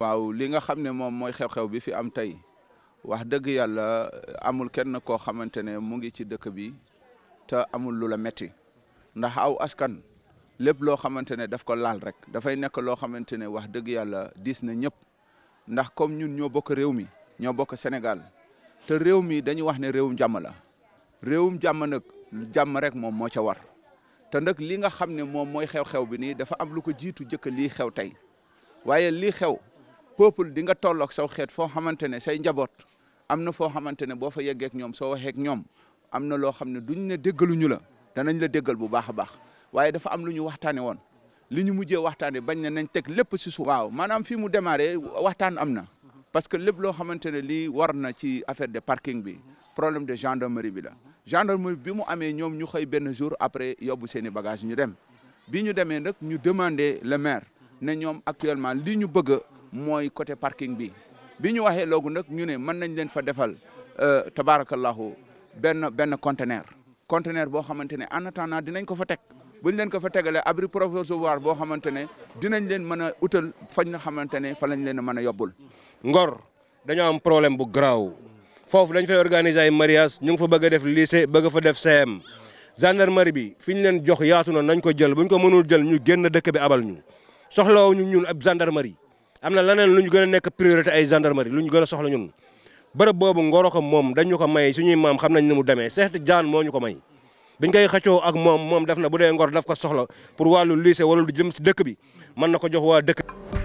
waaw li nga xam ne moom mooy xew-xew bi fi am tey wax dëgg yàlla amul kenn koo xamante ne mu ngi ci dëkk bi te amul lula metti ndax aw askan lépp loo xamante ne daf ko laal rek dafay nekk loo xamante ne wax dëgg yàlla diis na ñëpp ndax comme ñun ñoo bokk réew mi ñoo bokk Sénégal te réew mi dañu wax ne réewum jàmm la réewum jàmm jàmm rek moom moo ca war te nag li nga xam ne moom mooy xew-xew bi nii dafa am lu ko jiitu jëkk lii xew tey waaye lii xew peuple di nga tolloog saw xeet foo xamante ne say njaboot am na foo xamante ne boo fa yeggee ñoom soo waxeek ñoom am na loo xam ne duñ ne déggaluñu la danañ la déggal bu baax a baax waaye dafa am lu ñu waxtaane woon li ñu mujjee waxtaane bañ na nañ teg lépp si suuf. waaw maanaam fii mu démarré waxtaan am na parce que lépp loo xamante ne lii war na ci affaire de parking bi. problème de gendarmerie bi la gendarmerie bi mu amee ñoom ñu xay benn jour après yóbbu seeni bagage ñu dem bi ñu demee nag ñu demande le maire ne ñoom actuellement li ñu bëgg mooy côté parking bi bi ñu waxee loogu nag ñu ne mën nañ leen fa defal euh, tabaarakallahu benn benn conteneur conteneur boo xamante ne en attendant dinañ ko fa teg buñ leen ko fa tegalee abri provisoire boo xamante ne dinañ leen mën a utal fañ nga xamante ne fa lañ leen a mën a yóbbul. Ngor dañoo am problème bu garaaw. foofu dañ fay organiser ay mariage ñu ngi fa bëgg a def lycée bëgg fa def CM gendarmerie bi fi ñu leen jox yaatu na nañ ko jël buñ ko mënul jël ñu génn dëkk bi abal ñu soxlawu ñu ñun ab gendarmerie am na leneen lu ñu gën a nekk priorité ay gendarmerie lu ñu gën soxla ñun bërëb boobu ngoro ko moom dañu ko may suñuy maam xam nañ ni mu demee Cheikh Tidiane moo ñu ko may biñ koy xëccoo ak moom moom daf na bu dee ngor daf ko soxla pour wàllu lycée wala lu jëm si dëkk bi mën na ko jox waa dëkk